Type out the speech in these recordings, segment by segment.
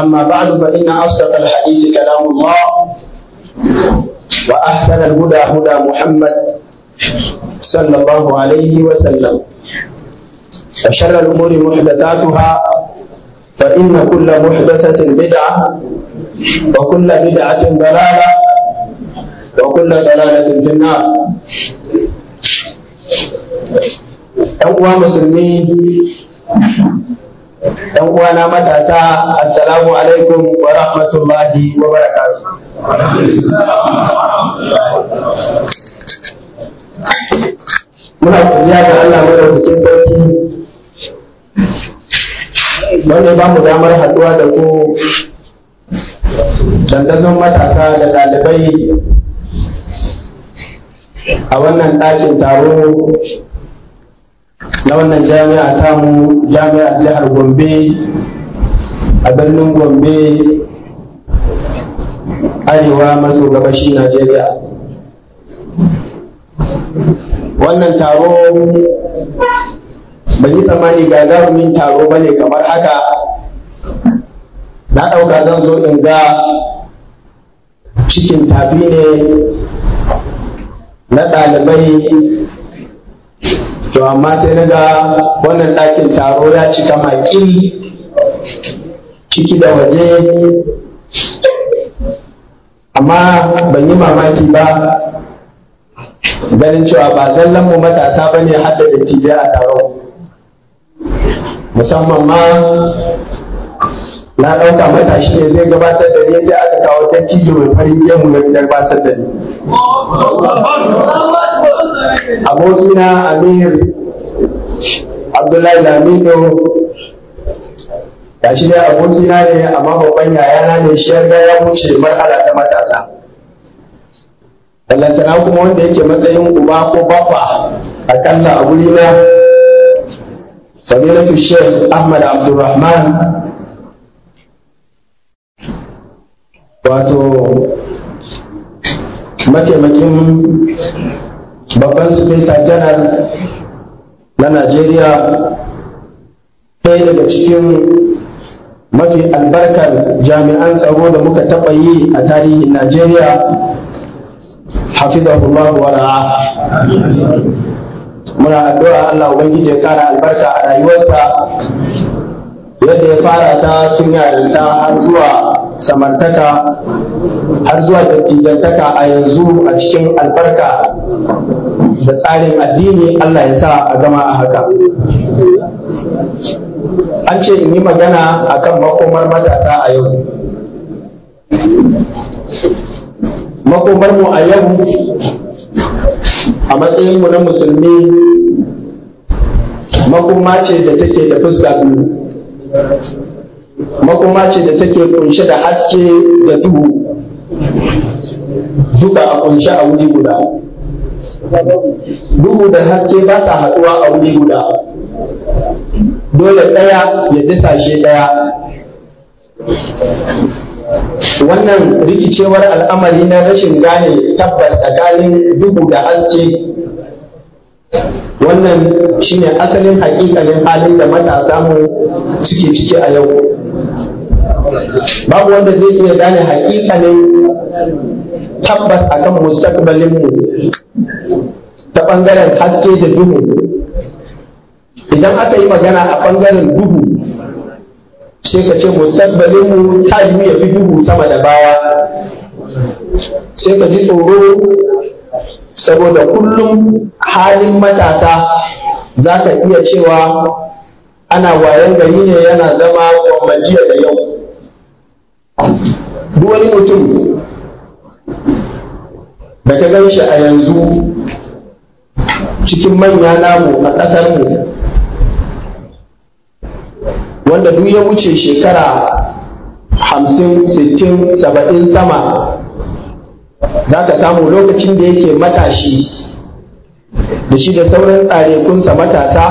أما بعد فإن أصدق الحديث كلام الله وأحسن الهدى هدى محمد صلى الله عليه وسلم وشر الأمور محدثاتها فإن كل محدثة بدعة وكل بدعة ضلالة وكل ضلالة في النار أول مسلمين ɗan uwana matasa assalamu alaikum wa rahmatullahi wa barakatu muna kuriya ga Allah madaukakin sarki wanda ba mu damar haɗuwa da ku dandazon matasa da ɗalibai a wannan ɗakin taro na wannan jami'a mu jami'a jihar gombe a birnin gombe arewa maso gabashi najeriya wannan taro ban yi tsammani gagarumin taro ba ne kamar haka na ɗauka zan zo in ga cikin tafi ne na ɗalibai to amma sai na ga wannan ɗakin taro ya cika maki, ciki da waje amma ban yi mamaki ba ganin cewa ba zallan mu matasa ba ne hada da tijiya a taron musamman ma na ɗauka matashi ne zai gabatar da ni sai aka kawo dattijo mai farin yamma ya gabatar da ni abokina amir abdullahi lamido shi ne abokina ne amma babban yayana ne shi ya ya wuce mar'ala ta matasa ballantana kuma wanda yake matsayin uba ko bafa kalla a guri na fadilatu sheikh ahmad abdulrahman wato mataimakin babban sifilta janar na najeriya ɗaya daga cikin mafi albarkar jami'an tsaro da muka taɓa yi a tarihin najeriya hafizahullah wa ra'a muna addu'a Allah ubangiji ya kara albarka a rayuwarsa yadda ya fara ta tun yarinta har zuwa samartaka har zuwa dattijantaka a yanzu a cikin albarka da tsarin addini Allah ya sa a zama a haka an ce in yi magana a kan makomar matasa a yau Makomarmu a yau a matsayinmu na musulmi makoma ce da take da fuska biyu makoma ce da take kunshe da haske da duhu duka a kunshe a wuri guda duhu da haske ba sa haɗuwa a wuri guda dole ɗaya ya shi ɗaya wannan rikicewar al'amari na rashin gane tabbas tsakanin duhu da haske wannan shine asalin hakikalin halin da matasa mu suke ciki a yau babu wanda zai iya gane hakikalin tabbas akan mustaqbalin mu ta ɓangaren haske da duhu idan aka yi magana a ɓangaren duhu sai ka ce mu ta yiwu ya fi duhu sama da baya sai ka ji tsoro saboda kullum halin matasa za ka iya cewa ana wayan gari ne yana zama jiya da yau duk wani mutum da ka gan shi a yanzu cikin manya namu a ƙasar mu wanda duk ya wuce shekara hamsin sittin saba'in sama za ka samu lokacin da yake matashi da shi da sauran tsarekunsa matasa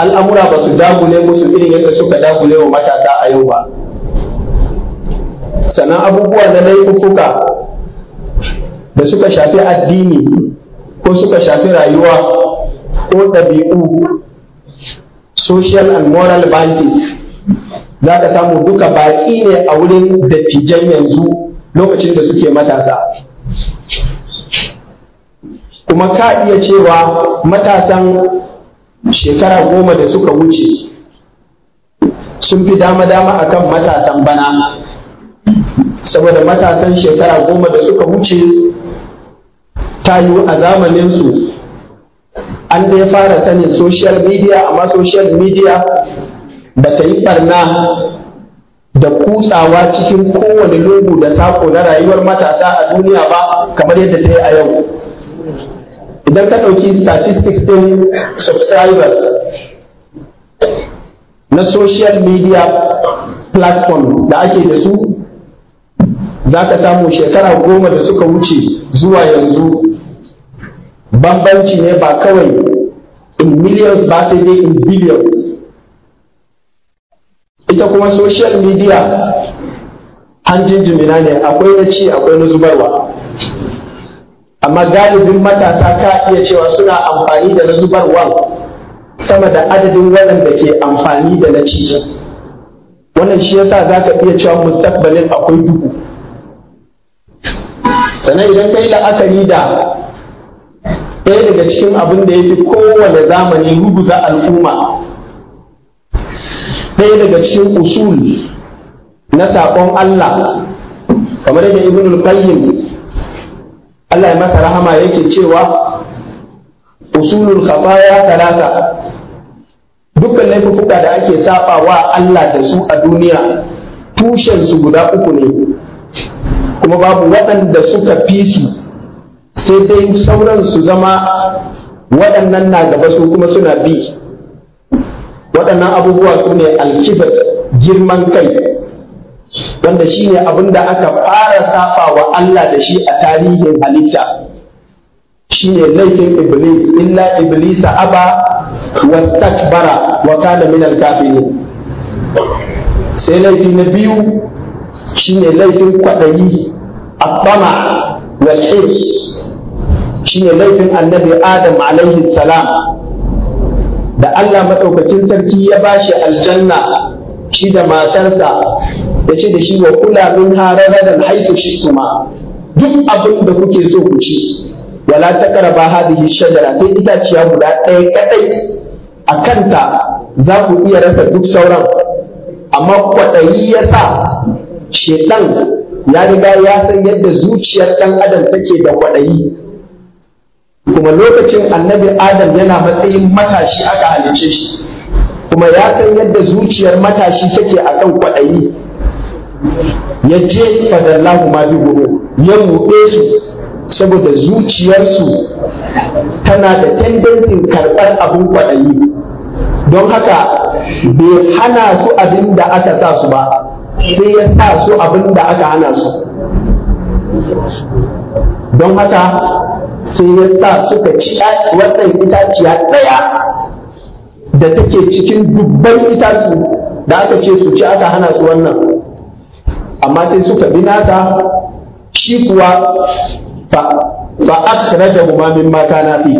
al'amura ba su dagule musu irin yadda suka dagule wa matasa a yau ba sannan abubuwa na laifuka da suka shafi addini ko suka shafi rayuwa ko ɗabi'u social and moral banking za ka samu duka baƙi ne a wurin dattijan yanzu lokacin da suke matasa kuma ka iya cewa matasan shekara goma da suka wuce sun fi dama-dama akan matasan bana saboda matasan shekara goma da suka wuce ta yi a zamaninsu an dai fara sanin social media amma social media ba ta yi barna da kusawa cikin kowane lungu da sako na rayuwar matasa a duniya ba kamar yadda ta yi a yau idan ka ɗauki statistics ɗin subscribers na social media platforms da ake da su za ka samu shekara goma da suka wuce zuwa yanzu bambanci ne ba kawai in millions ba ta dai in billions ita kuma social media hanjin jimina ne akwai na ci akwai na zubarwa amma galibin matasa ka iya cewa suna amfani da na zubarwa sama da adadin waɗanda ke amfani da na ci wannan shi yasa za ka iya cewa mustaqbalin akwai duku. sannan idan kai la'akari da ɗaya daga cikin abin da ya fi kowane zamani ruguza al'umma ɗaya daga cikin usul na saƙon Allah kamar da ibn al-qayyim Allah ya masa rahama yake cewa usulul khafaya talata dukkan laifuka da ake saba wa Allah da su a duniya tushen su guda uku ne kuma babu waɗanda suka fi su sai dai sauran su zama waɗannan na gaba su kuma suna bi waɗannan abubuwa su ne alkibar girman kai wanda shi ne abin da aka fara safa wa Allah da shi a tarihin halitta shi ne laifin iblis illa iblisa aba takbara wa kana min alkafirin sai laifi na biyu shi ne laifin kwaɗayi a wal hirs shine laifin annabi adam alaihi salam da Allah maɗaukacin sarki ya ba shi aljanna shi da matarsa ya ce da shi wa kula min hararadan haitu shi kuma duk abin da kuke so ku ci wala ta karaba hadihi shajara sai itaciya guda ɗaya kaɗai a kanta za ku iya rasa duk sauran amma kwaɗayi ya sa shetan ya riga ya san yadda zuciyar ɗan adam take da kwaɗayi kuma lokacin annabi adam yana matsayin matashi aka halice shi kuma ya san yadda zuciyar matashi take a kan kwaɗayi ya je fadallahu ma bi guru ya ruɗe su saboda zuciyarsu tana da tendentin karɓar abin kwaɗayi don haka bai hana su abin da aka sa su ba sai ya sa su abin da aka hana su don haka sai ya sa suka ci wannan itaciya ɗaya da take cikin dubban itacu da aka ce su ci aka hana su wannan amma sai suka bi nasa shi kuwa fa akhraja da min mata na fi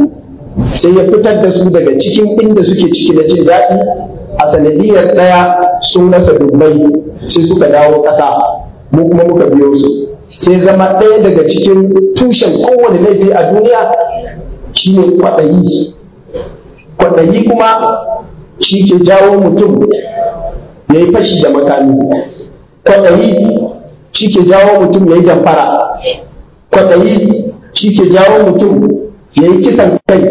sai ya fitar da su daga cikin inda suke ciki da jin daɗi a sanadiyar ɗaya sun rasa dubbai sai suka dawo ƙasa mu kuma muka biyo su sai zama ɗaya daga cikin tushen kowane laifi a duniya shine kwaɗayi kwaɗayi kuma shi ke jawo mutum ya yi fashi da makami kwaɗayi shi ke jawo mutum ya yi damfara kwaɗayi shi ke jawo mutum ya yi kisan kai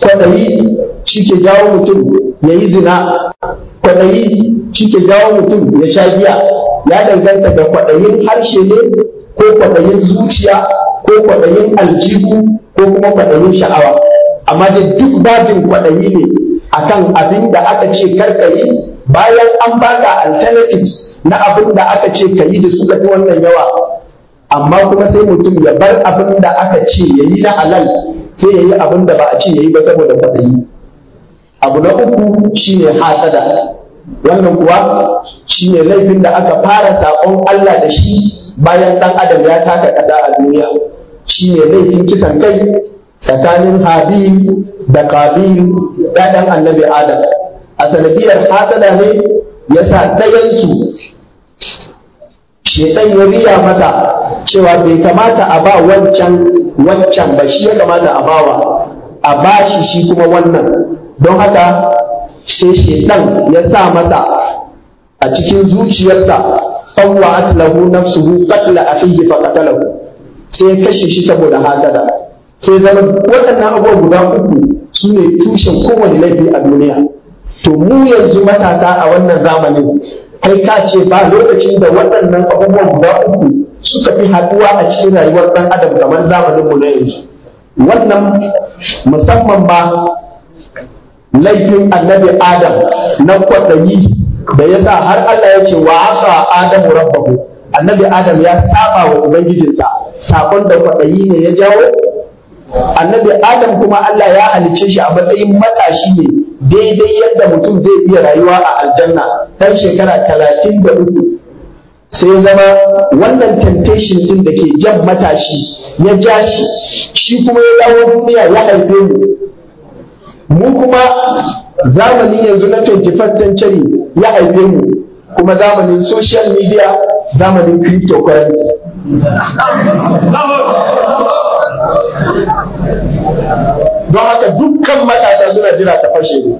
kwaɗayi shi ke jawo mutum ya yi zina kwaɗayi shi ke jawo mutum ya sha giya ya danganta da kwaɗayin harshe ne ko kwaɗayin zuciya ko kwaɗayin aljihu ko kuma kwaɗayin sha'awa amma dai duk babin kwaɗayi ne akan abin da aka ce karka yi bayan an baka alternatives na abin da aka ce ka yi da suka fi wannan yawa amma kuma sai mutum ya bar abin da aka ce ya yi na halal sai ya yi abin da ba a ce ya yi ba saboda kwaɗayi abu na uku shine hasada wannan kuwa ne laifin da aka fara saƙon Allah da shi bayan ɗan adam ya taka ƙasa a duniya shi ne laifin kisan kai tsakanin habil da kabil ɗan annabi adam a sanadiyar hasada ne ya sa ɗayansu shekan ya riya mata cewa bai kamata a ba wancan wancan ba shi ya kamata a bawa a bashi shi kuma wannan don haka sai shekan ya sa mata a cikin zuciyarsa tawwa'at lahu nafsuhu qatla akhihi fa qatalahu sai ya kashe shi saboda hasada sai zama waɗannan abubuwa guda uku su ne tushen kowane laifi a duniya to mu yanzu matasa a wannan zamanin kai ka ce ba lokacin da waɗannan abubuwan guda uku suka fi haɗuwa a cikin rayuwar ɗan adam kamar zamanin mu na yanzu wannan musamman ba laifin annabi adam na kwaɗayi da ya sa har Allah ya ce wa asa adamu rabbahu annabi adam ya saba wa ubangijinsa sakon da kwaɗayi ne ya jawo annabi adam kuma Allah ya halice shi a matsayin matashi ne daidai yadda mutum zai iya rayuwa a aljanna dan shekara talatin da uku sai zama wannan temptation din da ke jan matashi ya ja shi shi kuma ya dawo duniya ya haife mu mu kuma zamanin yanzu na 21st century ya haife mu kuma zamanin social media zamanin cryptocurrency don haka dukkan matasa suna jira ta fashe ne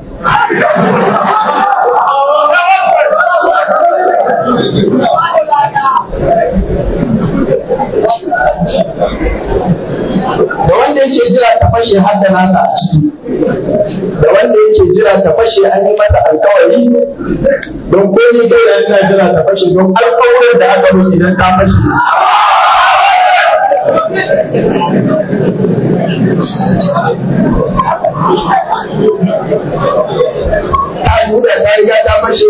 da wanda yake jira ta fashe har da nasa a ciki da wanda yake jira ta fashe an yi mata alkawari don ko ni gaira ina jira ta fashe don alkawarin da aka mun idan ta fashe ta da ta ta fashe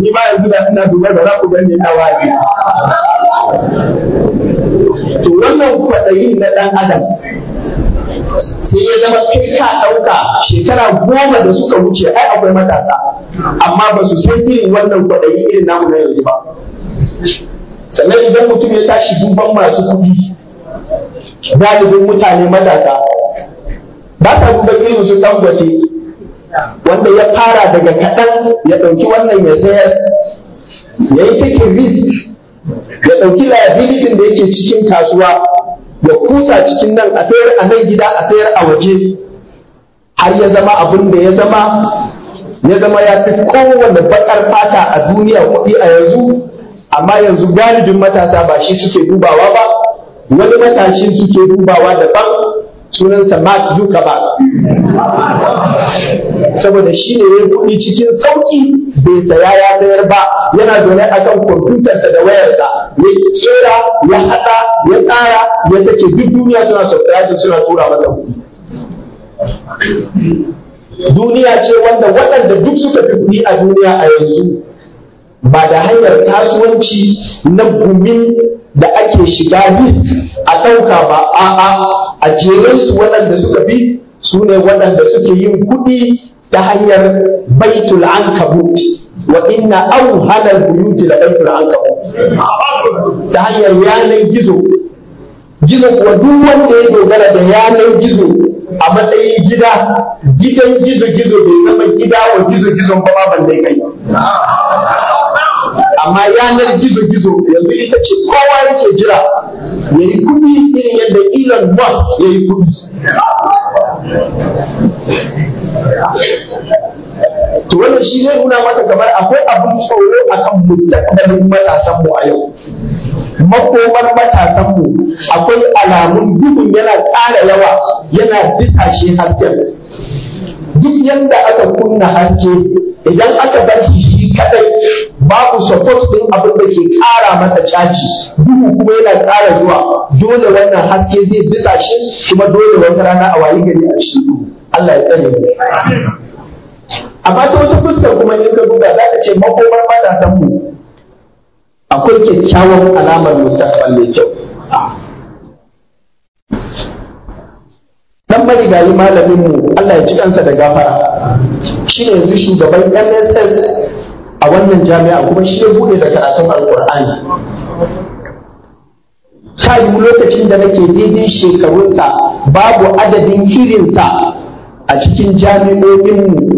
ni ba yanzu da ina duba da za ku gani na wani to wannan kwaɗayin na ɗan adam sai ya zama kai ka ɗauka shekara goma da suka wuce ai akwai matasa amma ba su san irin wannan kwaɗayi irin namu na yanzu ba sannan idan mutum ya tashi duban masu kuɗi galibin mutane matasa ba sa duban irin su dangote wanda ya fara daga kaɗan ya ɗauki wannan ya sayar ya yi take risk ya ɗauki liability da yake cikin kasuwa ya kusa cikin nan a sayar a nan gida a sayar a waje har ya zama abin da ya zama ya zama ya fi kowane bakar fata a duniya kuɗi a yanzu amma yanzu galibin matasa ba shi suke dubawa ba wani matashin suke dubawa daban sunansa Mark ba, saboda shi ne ya kuɗi cikin sauki bai saya ya sayar ba yana zaune akan kwamfutarsa da wayarsa ya tsira ya haɗa ya tsara ya take duk duniya suna subscribe suna tura mata kuɗi duniya ce wanda waɗanda duk suka fi kuɗi a duniya a yanzu ba da hanyar kasuwanci na gumin da ake shiga duk, a ɗauka ba a'a a jeren su waɗanda suka fi su ne waɗanda suke yin kuɗi ta hanyar baitul ankabut wa inna auhalal buyuti da baitul ankabut ta hanyar yanar gizo gizo kuwa duk wanda ya dogara da yanar gizo a matsayin gida gidan gizo gizo bai zama gida wa gizo gizo ba ma ban dai kai amma yanar gizo gizo yanzu ita ce kowa yake jira ya yi kuɗi irin yadda Elon Musk ya yi kuɗi to wannan shi zai nuna maka kamar akwai abin tsoro akan mustaqbalin matasan mu a yau makomar matasanmu akwai alamun duhun yana ƙara yawa yana disashe hasken duk yadda aka kunna haske idan aka bar shi shi kadai babu support din abin da ke ƙara masa caji duhu kuma yana ƙara zuwa dole wannan haske zai shi kuma dole wata rana a wayi gari a cikin Allah ya tsare mu amma ta wata fuskar kuma in ka duba za ka ce makomar matasan mu akwai kyakkyawan alamar musamman mai kyau dan marigayi malamin mu Allah ya ci kansa da gafara shi ne yanzu shugaban MSS a wannan jami'a kuma shi ya bude da karatun alkur'ani ta yi lokacin da nake daidai shekarunsa babu adadin irinsa a cikin jami'o'inmu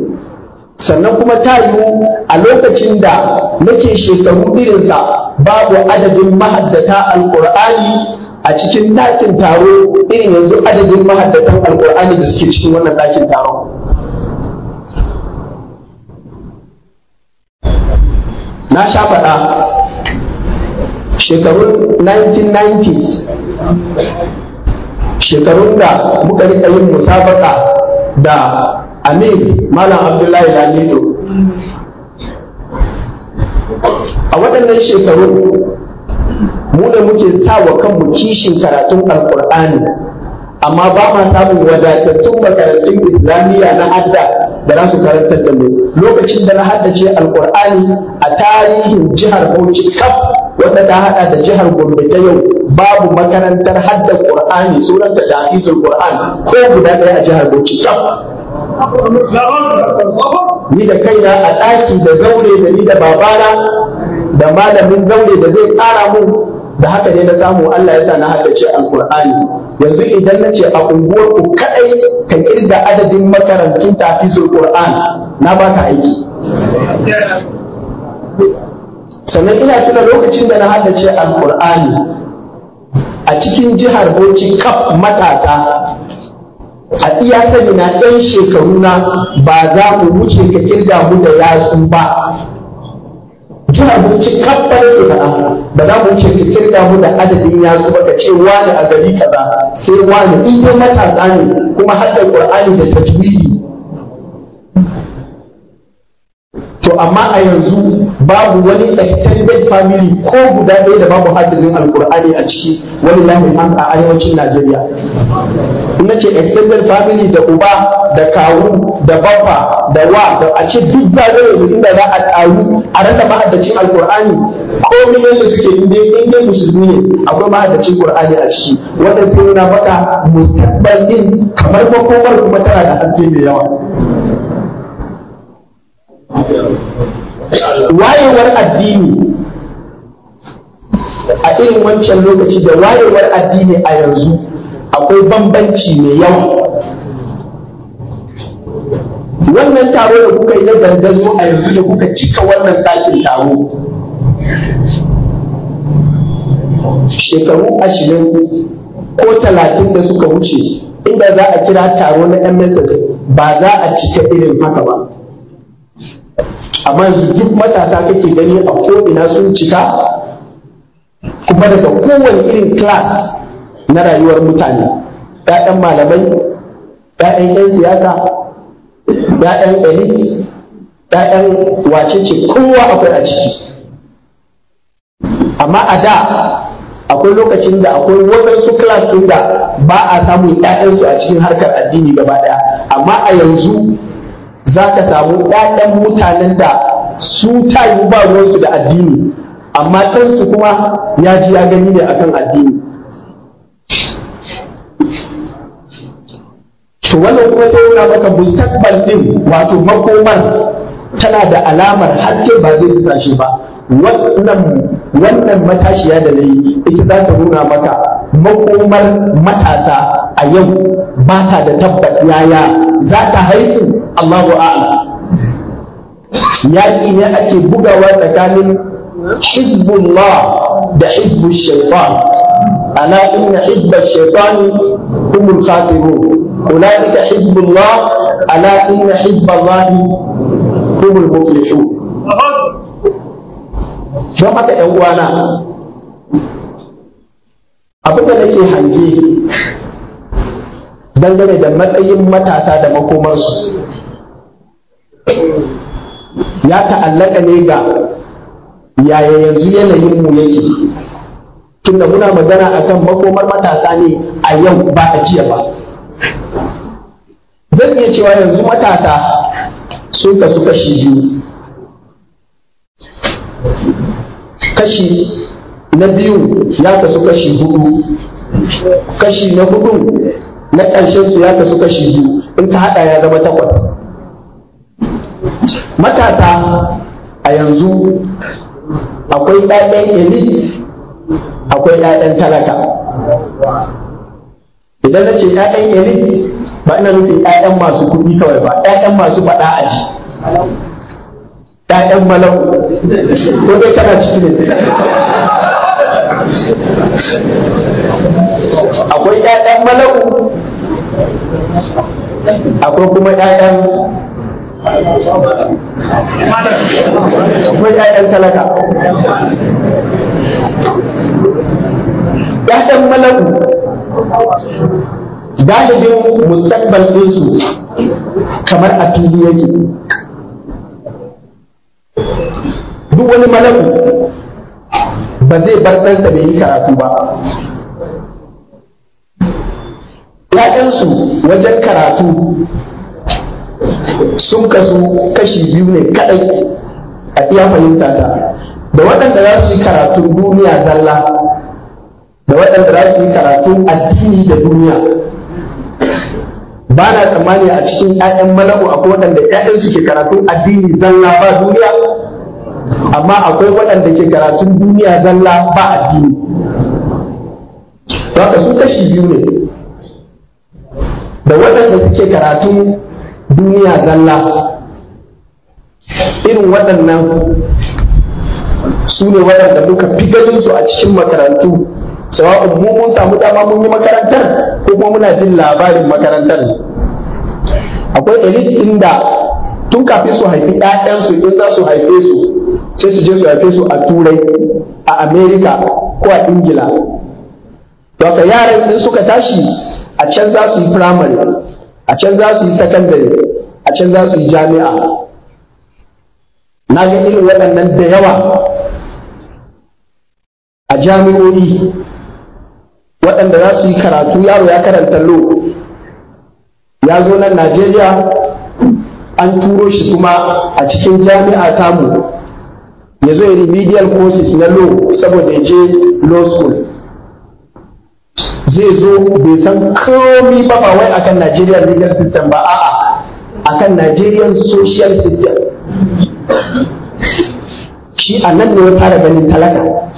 sannan kuma ta yiwu a lokacin da nake shekaru irinsa babu adadin mahaddata alƙur'ani a cikin ɗakin taro irin yanzu adadin mahaddatan alƙur'ani da suke cikin wannan ɗakin taro na sha faɗa shekarun 1990s shekarun da muka riƙa yin musabaka da amin malam abdullahi lamido a waɗannan shekaru mu da muke sa wa kanmu kishin karatun alkur'ani amma ba ma samun wadatattun makarantun islamiyya na adda da za su karantar da mu lokacin da na haddace alkur'ani a tarihin jihar bauchi kaf wanda ta hada da jihar gombe ta yau babu makarantar hadda qur'ani sunan da qur'an ko guda ɗaya a jihar bauchi kaf ni da kaina a ɗaki da zaure da ni da babana da malamin zaure da zai ƙara mu da haka ne na samu Allah ya sa na haka ce alkur'ani yanzu idan na ce a unguwar ku kadai ka kirda adadin makarantun tafisul qur'an na ba ka aiki sannan ina tuna lokacin da na hada ce alkur'ani a cikin jihar Bauchi kaf matata a iya sani na ɗan shekaru na ba za mu wuce ka kirga mu da yatsu ba mu ci kabbar ke faɗa ba za mu wuce ka kirga mu da adadin yatsu ba ka ce wani a gari kaza sai wani in dai matasa ne kuma haddar qur'ani da tajwidi to amma a yanzu babu wani extended family ko guda ɗaya da babu haddazin alkur'ani a ciki wani lamin an a arewacin najeriya na ce extended family da uba da kawu da baffa da wa da a ce duk ba zai yanzu inda za a taru a rasa mahaddacin alkur'ani miliyan da suke inda inda musulmi ne akwai mahaddacin qur'ani a ciki wanda sai yana faɗa din kamar makomar kuma tana da haske mai yawa wayewar addini a irin wancan lokaci da wayewar addini a yanzu akwai bambanci mai yau. wannan taro da kuka yi na a yanzu da kuka cika wannan ɗakin taro shekaru ashirin ko talatin da suka wuce inda za a kira taro na 'yan MSF ba za a cika irin haka ba amma su duk matasa kake gani a ko'ina sun cika kuma daga kowane irin class na rayuwar mutane ‘ya'yan malamai ‘ya'yan ‘yan siyasa ‘ya'yan elit ‘ya'yan wacece kowa akwai a ciki amma a da akwai lokacin da akwai waɗansu class ɗin da ba a samun ‘ya'yansu a cikin harkar addini gaba ɗaya amma a yanzu za ka samu ‘ya'yan mutanen da su yi ba ruwansu da addini amma ɗansu kuma ya ji ya gani ne akan addini to wannan kuma sai yana maka mustaqbal din wato makomar tana da alamar haske ba zai shi ba wannan wannan matashiya da nayi ita za ta nuna maka makomar matasa a yau ba ta da tabbas yaya za ta haihu Allahu a'lam yaƙi ne ake bugawa tsakanin hizbullah da hizbul shaitan ala inna hizbul shaitani humul khatirun أولئك حزب الله ألا إن حزب الله هم المفلحون don haka ‘yan uwana abin da nake hange dangane da matsayin matasa da makomarsu ya ta'allaka ne ga yaya yanzu yanayinmu yake tunda muna magana akan makomar matasa ne a yau ba a jiya ba zan iya cewa yanzu matata sun kasu kashi biyu kashi na biyu ya kasu kashi hudu kashi na hudu na ƙarshen su ya kasu kashi biyu in ka haɗa ya zama takwas Matata a yanzu akwai ɗaɗen elit akwai ɗaɗen talaka idan na ce ‘ya'yan yare ba ina nufin ‘ya'yan masu kuɗi kawai ba ‘ya'yan masu faɗa a ji ‘ya'yan malau ko zai kana ciki ne akwai ‘ya'yan malau akwai kuma ‘ya'yan akwai ‘ya'yan talaka ‘ya'yan malau galibin musamman ɗinsu kamar a fili yake duk wani malaku ba zai bar ɗansa da yi karatu ba ‘ya'yansu wajen karatu sun kasu kashi biyu ne kaɗai a iya fahimta ta da waɗanda za su yi karatun duniya zalla da waɗanda za su yi karatu addini da duniya ba na tsammani a cikin 'ya'yan malaku akwai waɗanda 'ya'yan su ke karatu addini zalla ba duniya amma akwai waɗanda ke karatun duniya zalla ba addini ba su kashi biyu ne da waɗanda suke karatun duniya zalla irin waɗannan su ne waɗanda muka fi ganin su a cikin makarantu sawa'un mu mun samu dama mun yi makarantar ko kuma muna jin labarin makarantar akwai elite inda tun kafin su haifi 'ya'yansu in za su haife su sai su je su haife su a turai a amerika ko a ingila Daga yaran in suka tashi a can za su yi firamare a can za su yi sakandare a can za su yi jami'a na ga irin waɗannan da yawa a jami'o'i waɗanda za su yi karatu yaro ya karanta lo ya zo nan najeriya an turo shi kuma a cikin jami'a tamu ya zo remedial courses na lo saboda ya je law school zai zo bai san komi ba ba wai akan Nigerian legal system ba a'a akan Nigerian social system shi a nan ne ya fara ganin talaka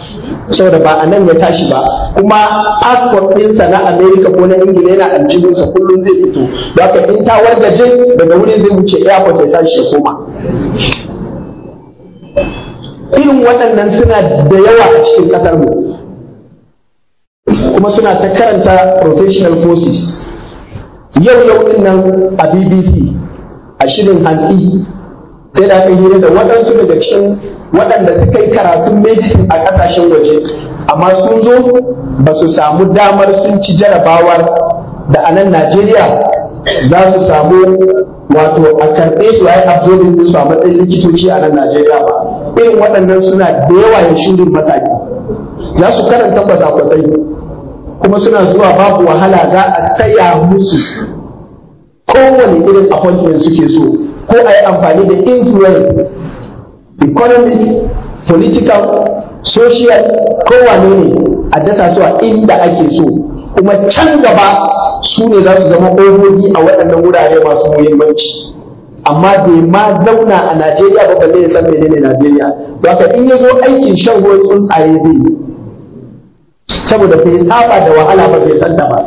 da ba a nan ya tashi ba kuma passport ɗinsa na Amerika ko na ingila yana aljihunsa kullum zai fito da aka in ta jin daga wurin zai wuce airport ya tashi ya koma irin waɗannan suna da yawa a cikin ƙasar mu kuma suna ta karanta professional forces. yau yau ɗin nan a bbc a shirin hantsi sai da aka hira da waɗansu daga cikin waɗanda suka yi karatun medicine a ƙasashen waje amma sun zo ba su samu damar sun ci jarabawar da a nan najeriya za su samu wato a karɓe su a yi absorbing su a matsayin likitoci a nan najeriya ba irin waɗannan suna da yawa ya shirin mataki za su karanta kwasa-kwasai kuma suna zuwa babu wahala za a saya musu kowane irin appointment suke so ko a yi amfani da influence economic political social kowane ne a dasa su a inda ake so kuma can gaba su ne za su zama ogogi a waɗannan wurare masu muhimmanci amma bai ma zauna a najeriya ba balle ya san menene najeriya ba ka in ya zo aikin shan ruwan tsuntsaye zai yi saboda bai saba da wahala ba bai san ba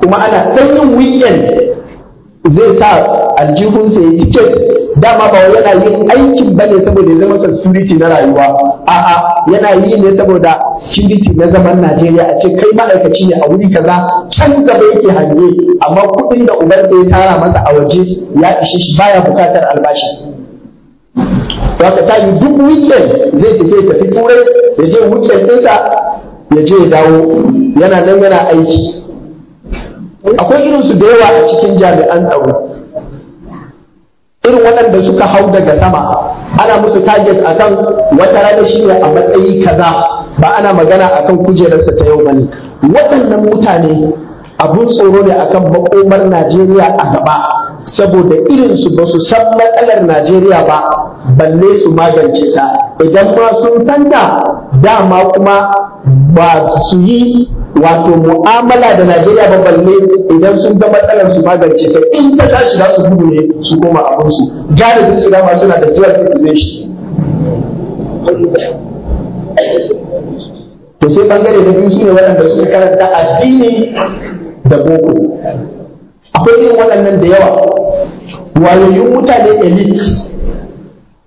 kuma ana sanyin weekend zai sa aljihunsa ya yi ce dama ba yana yin aikin ba ne saboda ya zama suriti na rayuwa a'a yana yi ne saboda suriti na zaman Najeriya a ce kai ma'aikaci ne a wuri kaza can gaba yake hanyoyi, amma kuɗin da ubansa ya tara masa a waje ya ishe shi baya bukatar albashi Waka ta yi duk weekend zai tafi tafi turai ya je wucin ɗinsa ya je ya dawo yana nan yana aiki akwai irinsu da yawa a cikin jami'an tsaro irin waɗanda suka hau daga sama ana musu target akan wata rana shi ne a matsayi kaza ba ana magana akan kujerarsa ta yau bane waɗannan mutane abun tsoro ne akan makomar Najeriya a gaba saboda su ba su san matsalar najeriya ba balle su magance ta idan ma sun ta, dama kuma ba su yi wato mu'amala da najeriya ba balle idan sun ga matsalar su magance ta in ta tashi za su gudu ne su koma abinsu galibin su dama suna da dual citizenship to sai bangare da biyu su waɗanda suka karanta addini da boko akwai irin waɗannan da yawa wayoyin mutane elite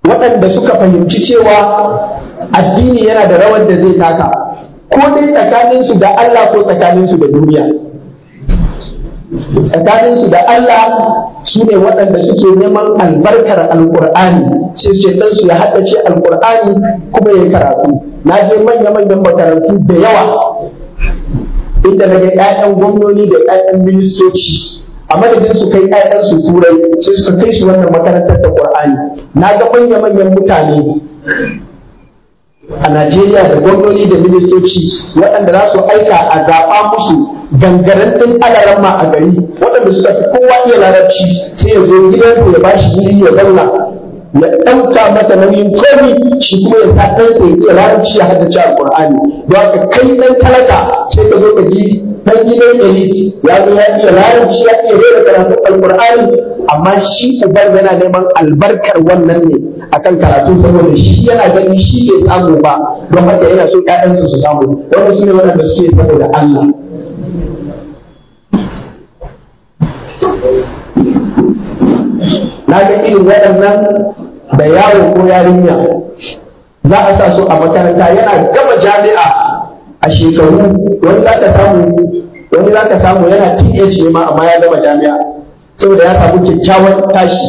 waɗanda suka fahimci cewa addini yana da rawar da zai taka ko dai tsakaninsu da Allah ko tsakaninsu da duniya tsakaninsu da Allah su ne waɗanda suke neman albarkar alƙur'ani sai ce ɗansu ya haɗa ce alƙur'ani kuma ya karatu na je manya-manyan makarantu da yawa inda na ga 'ya'yan gwamnoni da 'ya'yan ministoci a madadin su kai ƴaƴan su turai sai suka kai su wannan makarantar da Qur'ani na ga manya manyan mutane a Najeriya da gwamnoni da ministoci waɗanda za su aika a zaɓa musu gangarantin alaran ma a gari waɗanda su fi kowa iya larabci sai ya zo gidanku ya shi guri ya zauna ya ɗauka masa nauyin komi shi kuma ya sa ɗansa ya iya larabci ya haddace a Qur'ani don haka kai ɗan talaka sai ka zo ka ji Ɗan gidan eliti ya zo ya ce larabci ya ce rera karatun alkur'ani amma shi uban yana neman albarkar wannan ne akan karatu saboda shi yana ganin shi bai samu ba don haka yana so ƴaƴansu su samu wanda su ne wanda suke saboda Allah na ga irin waɗannan da yawo ko yarinya za a sa su a makaranta yana gama jami'a a shekaru wani za ka samu wani za ka samu yana TH ce ma amma ya gama jami'a saboda ya samu kyakkyawan tashi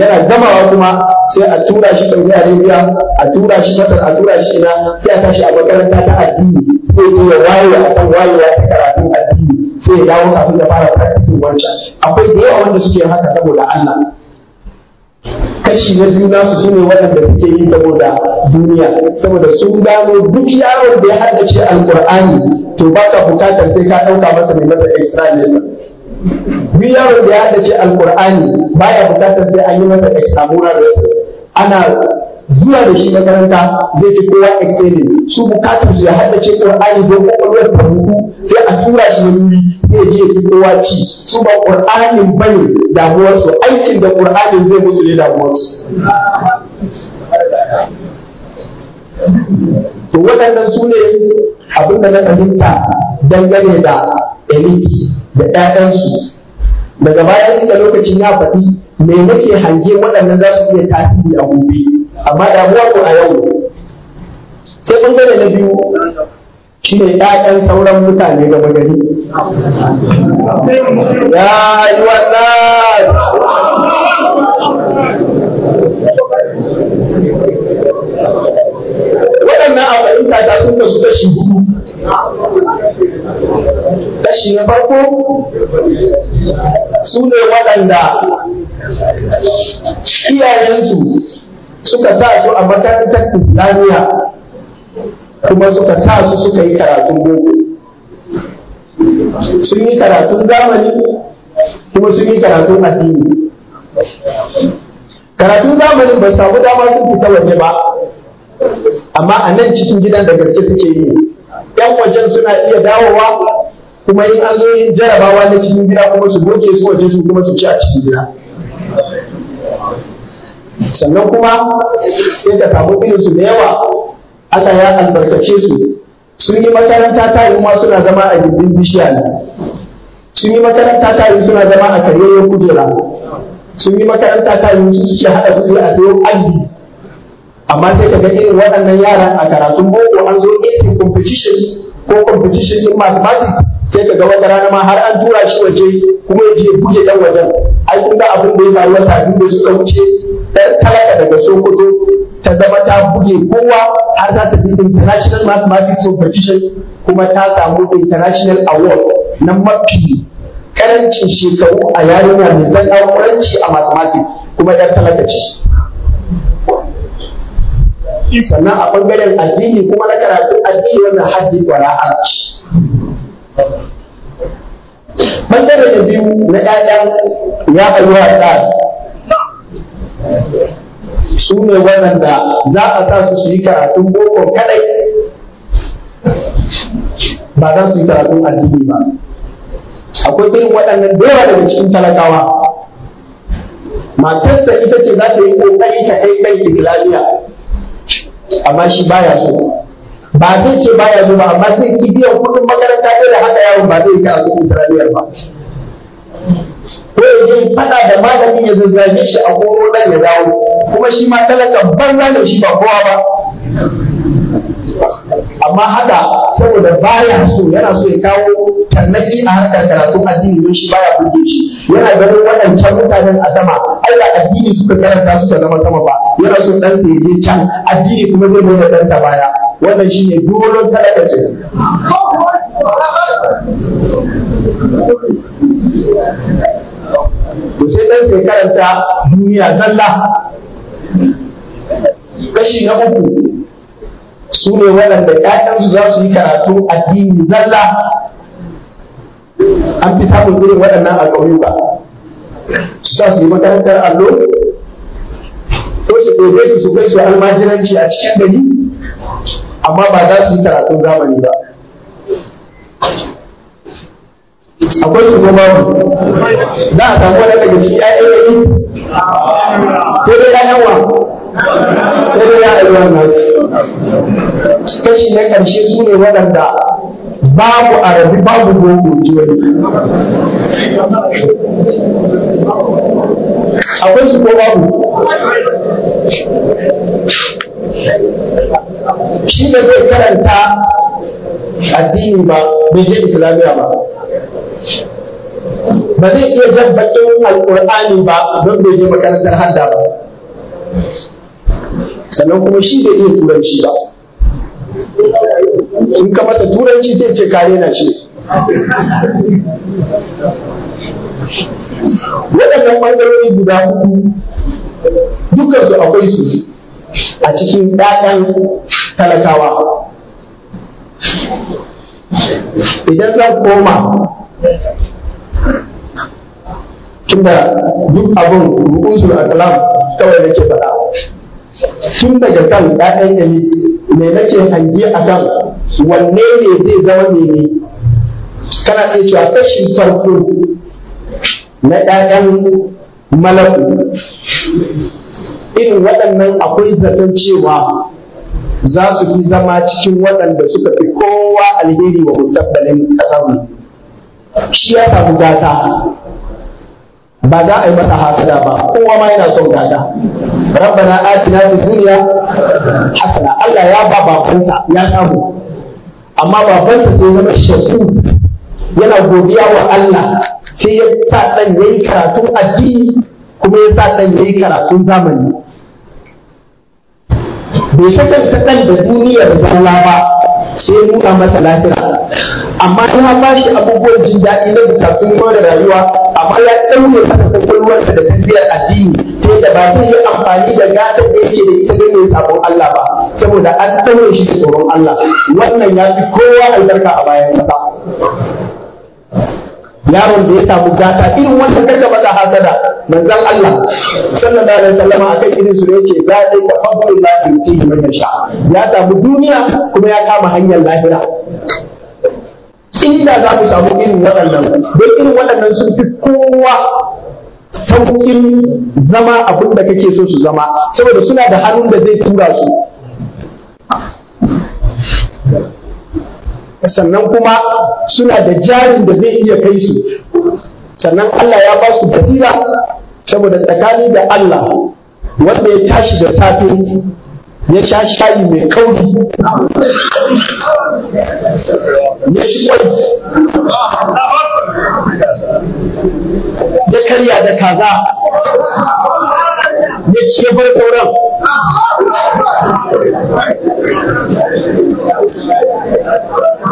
yana gamawa kuma sai a tura shi Saudi Arabia a tura shi Masar a tura shi ina sai a tashi a makaranta ta addini sai ya wayewa a kan wayewa ta karatun addini sai ya dawo kafin ya fara practicing wancan akwai da yawa wanda suke haka saboda Allah kashi na biyu nasu su ne waɗanda suke yi saboda duniya saboda sun gano duk yaron da ya haddace Alƙur'ani, to ba ka bukatar sai ka ɗauka masa mai masa extra lesson duk yaron da ya haddace Alƙur'ani, ba ya bukatar sai an yi masa examura da ana zuwa da shi makaranta zai fi kowa excelling su bukatu su ya haddace ƙur'ani don kwakwalwar ta hudu sai a tura shi wani wuri sai je fi kowa ci su ba ƙur'anin bane damuwarsu aikin da ƙur'anin zai musu ne damuwarsu. to waɗannan su ne abin da na fahimta dangane da eliki da 'ya'yansu daga bayan da lokacin ya faɗi me nake hange waɗannan za su iya tasiri a gobe amma damuwar ku a yau sai bangare na biyu shi ne ɗaɗan sauran mutane gaba gari ya yi wannan waɗannan a fahimta ta sun kasu kashi biyu kashi na farko su ne waɗanda iyayensu suka sa su a makarantar islamiyya kuma suka sa su suka yi karatun boko sun yi karatun zamani kuma sun yi karatun addini karatun zamani ba samu dama sun fita waje ba amma a nan cikin gidan da gaske suke yi yan wajen suna iya dawowa kuma yi an zo yin jarabawa na cikin gida kuma su goge su waje su kuma su ci a cikin gida sannan kuma sai ka samu irin su da yawa Allah ya albarkace su sun yi makaranta ta yi ma suna zama a gindin bishiya ne sun yi makaranta ta yi suna zama a karyoyin kujera sun yi makaranta ta yi su suke haɗa kuɗi a sayo alli amma sai ka ga irin waɗannan yaran a karatun boko an zo irin competition ko competition in mathematics sai ka ga wata rana ma har an tura shi waje kuma ya je kuje ɗan wajen ai kun abin da ya faru wata biyu da suka wuce dan talaka daga Sokoto ta zama ta buge kowa har ta tafi international mathematics competition kuma ta samu international award na mafi karancin shekaru a yarinya mai zan aukuranci a mathematics kuma ɗan talaka ce sannan a ɓangaren addini kuma na karatun addini wannan haddi wala arci bangare da biyu na ƴaƴan ya wa ta su ne waɗanda za a sa su su yi karatun boko kadai ba za su yi karatun addini ba akwai irin waɗannan da yawa daga cikin talakawa matarsa ita ce za ta yi ƙoƙari ta kai kan islamiyya amma shi baya so ba zai ce baya zuba ba amma sai ki biyan kuɗin makaranta ɗaya da haka yaron ba zai ta a cikin ba ko ya je faɗa da malamin ya zazzage shi a horo ɗan ya dawo kuma shi ma talaka banza ne shi ba kowa ba amma haka saboda baya so yana so ya kawo tannaki a harkar karatun addini don shi baya buɗe shi yana ganin waɗancan mutanen a sama ai ba addini suka karanta suka zama sama ba yana so ɗan ya je can addini kuma zai mai da ɗanta baya wannan shi ne doron talaka ce to sai ɗan karanta duniya zalla kashi na uku su ne waɗanda ‘ya'yansu za su yi karatu addini zalla an fi samun irin waɗannan a ba. su sa su yi makarantar allo ko su ɗauke su su kai su almajiranci a cikin gari amma ba za su yi karatun zamani ba akwai su goma za a samu wani daga ciki ƴaƴan yayi ko dai ƴaƴan wa ko dai ƴaƴan ruwan nasu kashi na ƙarshe su ne waɗanda babu arabi babu gogo jiwa akwai su ko babu shi ba zai karanta addini ba bai je islamiyya ba ba zai iya jan bakin alƙur'ani ba don bai je makarantar hadda ba sannan kuma shi bai iya turanci ba in ka mata turanci zai ce kare na shi waɗannan ɓangarori guda hudu dukansu akwai su a cikin ɗaɗan talakawa idan za koma tunda duk abin rukunsu a kalam kawai nake faɗa tun daga kan ɗayan yami me nake hangi a kan wanne ne zai zama ne? kana ɗaya cewa kashi farko na ɗaɗan malaku irin waɗannan akwai zaton cewa za su fi zama cikin waɗanda suka fi kowa alheri wa musabbalin ƙasarmu shi ya samu gata ba za a yi masa hasada ba kowa ma yana son gata rabbana atina fi duniya hasana Allah ya ba babansa ya samu amma babansa sai zama shaku yana godiya wa Allah sai ya sa ɗan ya yi karatun addini kuma ya sa ɗan ya yi karatun zamani bai kasanta ɗan da duniya da zalla ba sai nuna masa lafiya amma ya bashi abubuwan jin daɗi na bukatun yau da rayuwa amma ya ɗaure masa kwakwalwarsa da tafiyar addini Sai da ba zai yi amfani da gadon da yake da ita ganin sabon Allah ba saboda an ɗaure shi da tsoron Allah wannan ya fi kowa albarka a bayan kasa yaron da ya samu gata irin wanda kai da hasada, hasada manzon Allah sallallahu alaihi wasallam akan irin su yake za dai ka fadlu la yuti man sha ya samu duniya kuma ya kama hanyar lahira inda za mu samu irin waɗannan don irin waɗannan sun fi kowa sauƙin zama abin da kake so su zama saboda suna da hannun da zai tura su sannan kuma suna da jarin da zai iya kai su sannan Allah ya ba su basira saboda tsakani da Allah wanda ya tashi da safe ya sha shayi mai kauri ya ci kwai ya karya da kaza ya ci bar sauran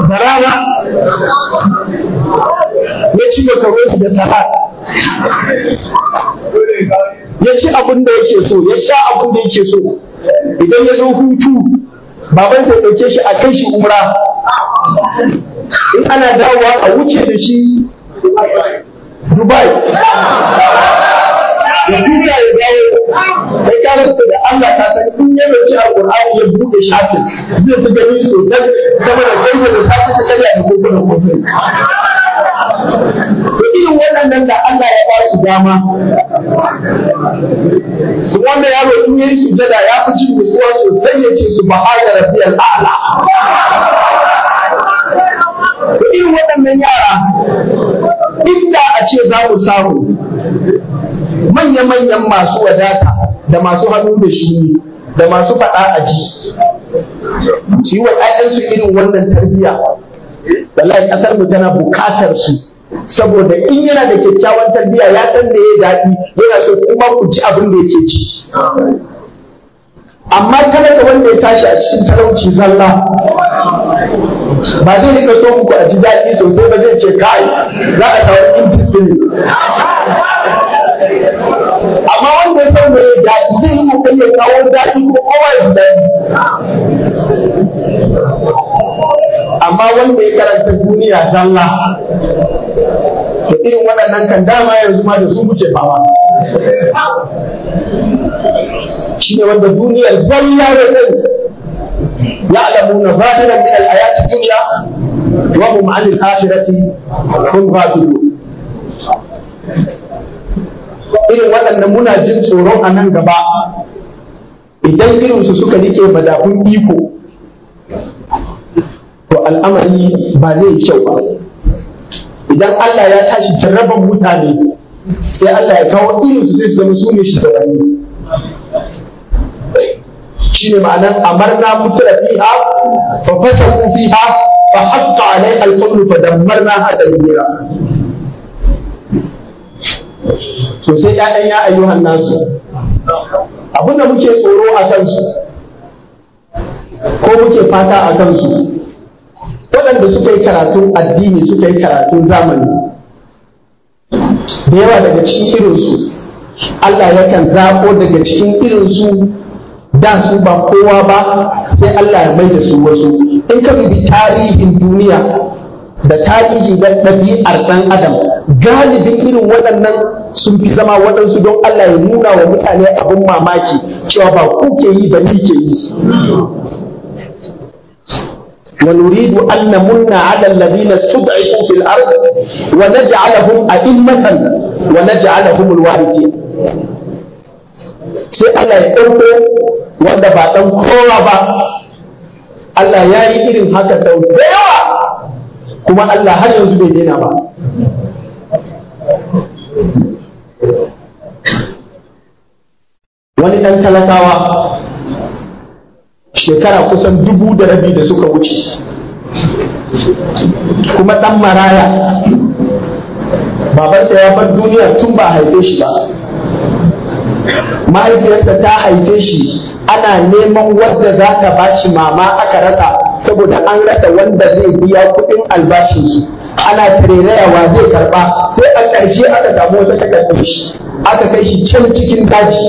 da rana ya ci makarai da abin da yake so ya sha abin da yake so idan ya zo hutu baban sai ɗauke shi a kai shi umra in ana dawowa a wuce da shi dubai ya duba ya dawo ya kara su da Allah ta san in ya rubuci alqur'ani ya bude shafin zai fi gani sosai saboda gani da ta ta shari'a da kuma da kuma irin waɗannan da Allah ya ba su dama su wanda ya yaro in yi sujada ya fi cin nutsuwa sosai ya ce su ba'ada rabbiyal a'la irin waɗannan yara inda a ce za mu samu manya-manyan masu wadata da masu hannu da shi da masu faɗa a ji shi wa 'ya'yansu irin wannan tarbiyya wallahi ƙasar mu tana buƙatar su saboda in yana da kyakkyawan tarbiyya ya san da ya daɗi yana so kuma ku ci abin da yake ci amma talaka wanda ya tashi a cikin talauci zalla ba zai rika so muku a ji daɗi sosai ba zai ce kai za a samu intis ne amma wanda ya san da ya daɗi zai yi mutum ya kawo daɗi ko kowa ya ji daɗi amma wanda ya karanta duniya zalla to irin waɗannan kan dama yanzu ma da su kuce fama shine wanda duniyar zalla ya sani na zahiran min al Duniya, dunya wa hum 'an al-akhirati hum ghafilun irin waɗannan muna jin tsoron a nan gaba idan irinsu suka rike madafun iko to al'amari ba zai kyau ba idan Allah ya tashi jarraban mutane sai Allah ya kawo irinsu sai su zama su ne shugabanni shine ma'anar amarna da fiha fa fasaku fiha fa haqqa alai alqawlu fa dammarna tadmira to sai ƴaƴan ya ayyuhan abin da muke tsoro a kansu ko muke fata a kansu waɗanda suka yi karatun addini suka yi karatun zamani da yawa daga cikin irinsu Allah yakan zaɓo daga cikin irinsu da su ba kowa ba sai Allah ya mai da su wasu in ka bi tarihin duniya da tarihi na ɗabi'ar ɗan adam galibin irin waɗannan sun fi zama waɗansu don Allah ya nuna wa mutane abin mamaki cewa ba ku ke yi ba ni ke yi ونريد أن نمن على الذين استضعفوا في الأرض ونجعلهم أئمة ونجعلهم الوارثين sai Allah ya ɗauko wanda ba ɗan kowa ba Allah ya yi irin haka sau da yawa kuma Allah har yanzu bai daina ba wani ɗan talakawa shekara kusan dubu da rabi da suka wuce kuma ɗan maraya babansa ya bar duniya tun ba haife shi ba mahaifiyarsa ta aike shi ana neman wadda za ta ba shi mama aka rasa saboda an rasa wanda zai biya kuɗin albashin su ana wa zai karba sai a ƙarshe aka samu wata takardar shi aka kai shi can cikin daji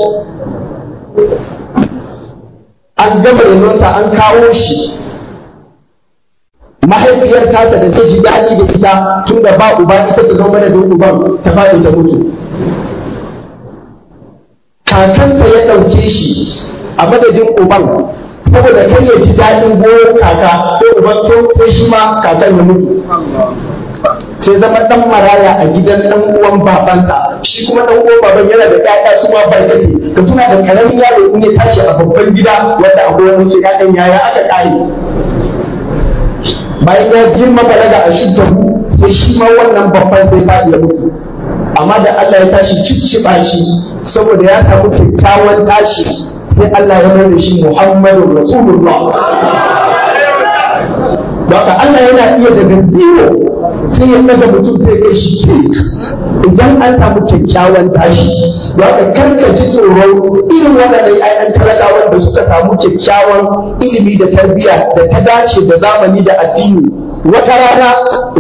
an gama renonsa an kawo shi mahaifiyar tasa da zai ji daji da fita tun da ba uba ita ta zama da uban ta faɗi ta mutu Kakanta ya ɗauke shi a madadin uban saboda kai ya ji daɗin goyon kaka ko uban ko shi ma kakan ya mutu sai zama ɗan maraya a gidan ɗan uwan babansa shi kuma ɗan uwan baban yana da ƴaƴa su ma barkace ka tuna da karamin yaro in ya tashi a babban gida wanda akwai wani ce kakan yaya aka kare bayan ya girma balaga a shidda sai shi ma wannan babban sai faɗi ya mutu amma da Allah ya tashi cicciɓa shi saboda ya samu kyakkyawan tashi sai Allah ya mai da shi Muhammadu Rasulullah Baka Allah yana iya daga zero sai ya saka mutum zai kai shi ke idan an samu kyakkyawan tashi Baka karka ji tsoron irin waɗannan ayan talakawa da suka samu kyakkyawan ilimi da tarbiyya da ta dace da zamani da addini wata rana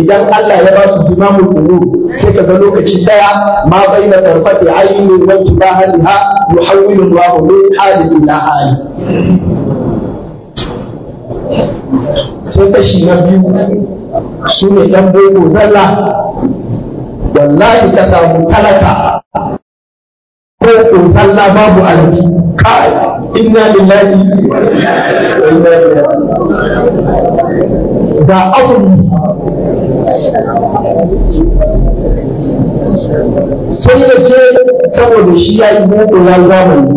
idan Allah ya ba su zimamul qulub sai ka ga lokaci daya ma baina tarfati ayni wa tibahaliha yuhawwilu Allah min hali ila hali sai kashi na biyu su ne dan boko zalla wallahi ka samu talaka ko ko sallah babu albi kai inna lillahi wa inna ilaihi da abun sai ya ce saboda shi ya yi mugu ya zamani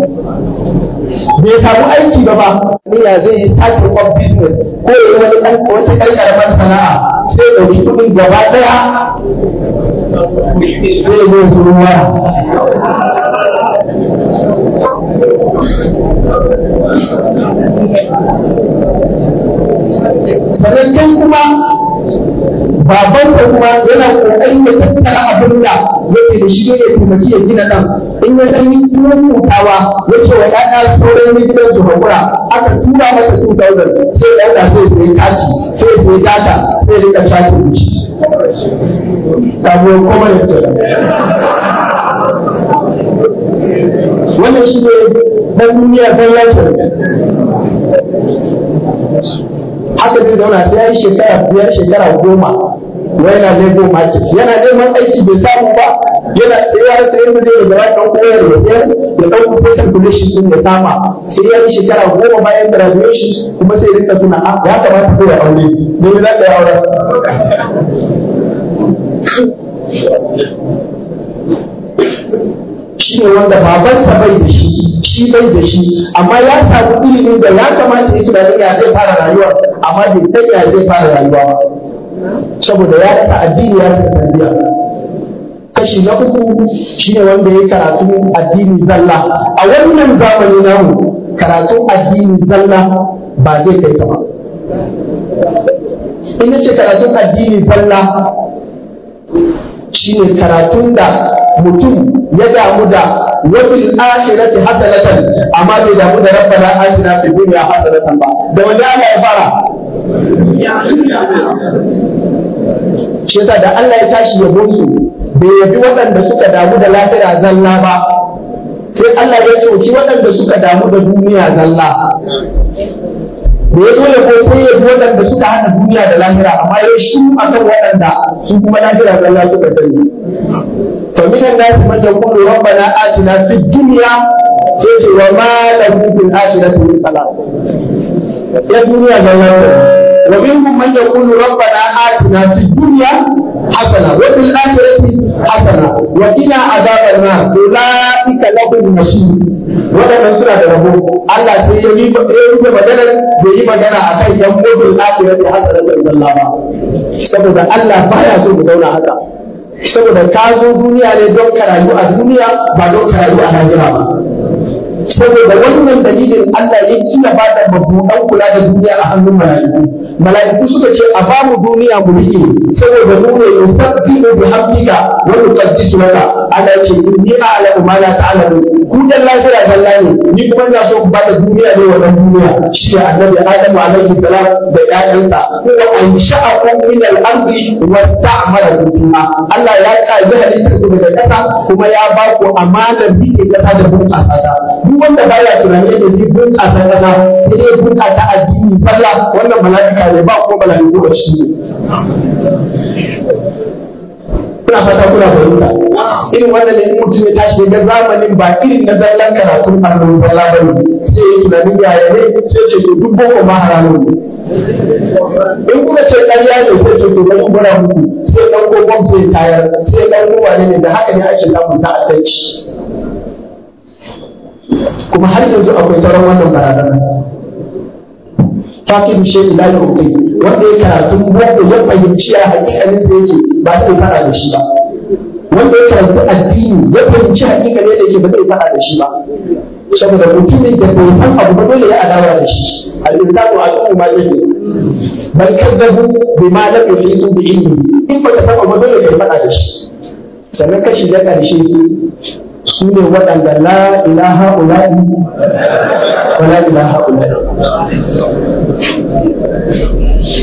bai samu aiki ba ba niyya zai yi sake of business ko ya yi wani ɗan wata ƙarƙarfan sana'a sai ya ɗauki kuɗin gaba ɗaya sai ya zo su ruwa sanannen kuma baban da kuma yana kokarin ya tattara abin da yake da shi ne ya taimaki ya gina nan in ya san yi tuwon mutawa ya ce wa ƴaƴa sauran ne gidan su aka tura masa su daular sai ɗauka zai sai tashi sai sai data sai rika shafi wuce sabuwar kuma wannan shi ne dan duniya dan lafiya haka zai zauna sai ya yi shekara biyar shekara goma wai na zai goma ake yana neman aiki bai samu ba yana tsayuwa da tsayin da zai gaba kan koyar da tsayar ya ɗan kusa kan kula shi sun ya sama sai ya yi shekara goma bayan graduation kuma sai rinka tuna a ah, ya kamata ko ya aure ne za ka yi aure shi ne wanda babanta bai da shi shi bai da shi amma ya samu ilimin da ya kamata ya tunanin ya zai fara rayuwa amma bai san ya zai fara rayuwa ba saboda ya ta addini ya ta tarbiya kashi na uku shi ne wanda ya karatu addini zalla a wannan zamani namu karatun addini zalla ba zai kai ta ba in ce karatun addini zalla shi ne karatun da mutum ya damu da wajen akhirati hasanatan amma bai damu da rabba rabbana atina fid dunya hasanatan ba da wanda Allah ya fara shi yasa da Allah ya tashi ya su bai yabi waɗanda suka damu da lafiya zalla ba sai Allah ya tsoki waɗanda suka damu da duniya zalla da ya dole ko sai ya ji waɗanda suka hana duniya da lahira amma ya shi akan waɗanda su kuma lahira da Allah suka sani fa minan nas man yaqulu rabbana atina fid dunya sai ce wa ma lahu fil akhirati min khalaq ya duniya da lahira wa minhum man yaqulu rabbana atina fid dunya حسنة وفي الآخرة حسنة وقنا عذاب النار أولئك لهم نصيب waɗannan suna da rabo Allah sai ya yi rufe maganar da yi magana a kan yan kofin lafiya da hasara da zalla ba saboda Allah baya so mu zauna haka saboda ka zo duniya ne don karayu a duniya ba don karayu a lahira ba saboda wannan dalilin Allah ya kila ba da mabuɗan kula da duniya a hannun mala'iku mala'iku suka ce a ba mu duniya mu rike saboda mu ne yusabbihu bihamdika wa nuqaddisu laka ana ce a a'lamu ma la ta'lamu ku dan lafiya dalla ne ni kuma ina so ku ba da duniya ne wa dan duniya shi annabi adamu alaihi salam da ƴaƴansa wa an sha'akum min al-ardi ta'mala tuma. Allah ya kaji halittar ku daga kasa kuma ya ba ku amanar bike kasa da bunƙasa ta duk wanda baya tunani da ni bunƙasa kasa sai dai bunƙasa addini sallah wannan mala'ika Allah ne ba kuma mala'iku ba shi ne kuna fata kuna fahimta irin wannan ne mutum ya tashi da zamanin ba irin na zallan karatun annon bala bane sai ya tunanin yaya ne sai ce to dubbo ko ma haramun in kuka ce ƙarya ne ko ce to bari gura muku sai dan gogon sai tayar sai dan gowa ne da haka ne ake samun ta'addanci kuma har yanzu akwai sauran wannan barazana fakin shi ila yau kai wanda ya karatu boko ya fahimci a hakikalin da yake ba zai fara da shi ba wanda ya karatu addini ya fahimci hakikalin da yake ba zai fara da shi ba saboda mutumin da bai san abu ba dole ya adawa da shi al-islamu al-ummu ma yake bal kadzabu bima lam yuhitu bi ilmi in ba ka san abu dole ka fara da shi sannan kashi da karshe su ne waɗanda la ilaha ula'i wa ilaha ula'i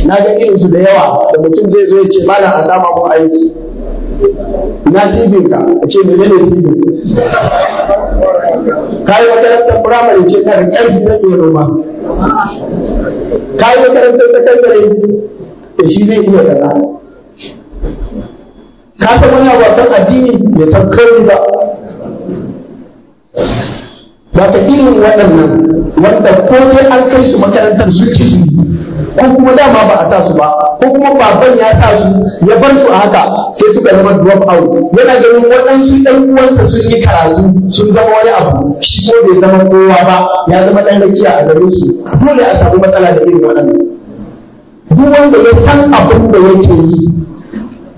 na ga irin su da yawa da mutum zai zo ya ce malam a ko mun aiki na tibin ka a ce mai ne tibin kayi makarantar firamare ce ka da ƙarfi na ke noma kayi makarantar sakandare da shi zai iya kaza ka san wani abu addini bai san kawai ba ba ka irin waɗannan wanda ko dai an kai su makarantar su ci su ko kuma dama ba a sa su ba ko kuma baban ya sa su ya bar su a haka sai suka zama drop out yana ganin waɗansu ɗan uwansa sun yi karatu sun zama wani abu shi ko bai zama kowa ba ya zama ɗan rakiya a gare su dole a samu matsala da irin waɗannan duk wanda ya san abin da yake yi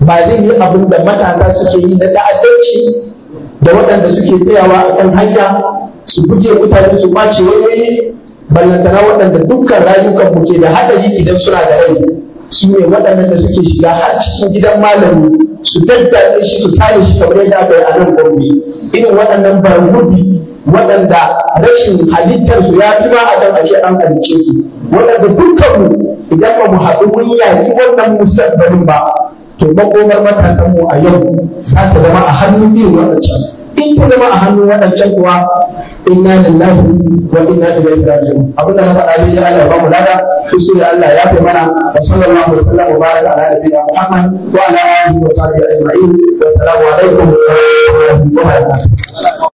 ba zai yi abin da matasa suke yi da ta'addanci da waɗanda suke tsayawa a kan hanya su buge mutane su kwace wani ballantana waɗanda dukkan rayukan mu ke da haɗari idan suna da rai su ne waɗannan da suke shiga har cikin gidan malami su daddaɗe shi su sare shi kamar yadda aka yi a nan gombe irin waɗannan gudu waɗanda rashin halittarsu ya fi ba a dan ake an halicce su waɗanda dukkanmu idan ba mu haɗu mun yaƙi wannan musabbarin ba to makomar matasanmu a yau za ta zama a hannun irin waɗancan su in ta zama a hannun waɗancan kuwa inna lillahi wa inna ilaihi raji'un abin da na faɗa ne Allah ba mu lada da Allah ya fi mana wa sallallahu alaihi wa sallam wa baraka ala nabiyina Muhammad wa ala alihi wa sahbihi ajma'in wa assalamu alaikum wa rahmatullahi wa barakatuh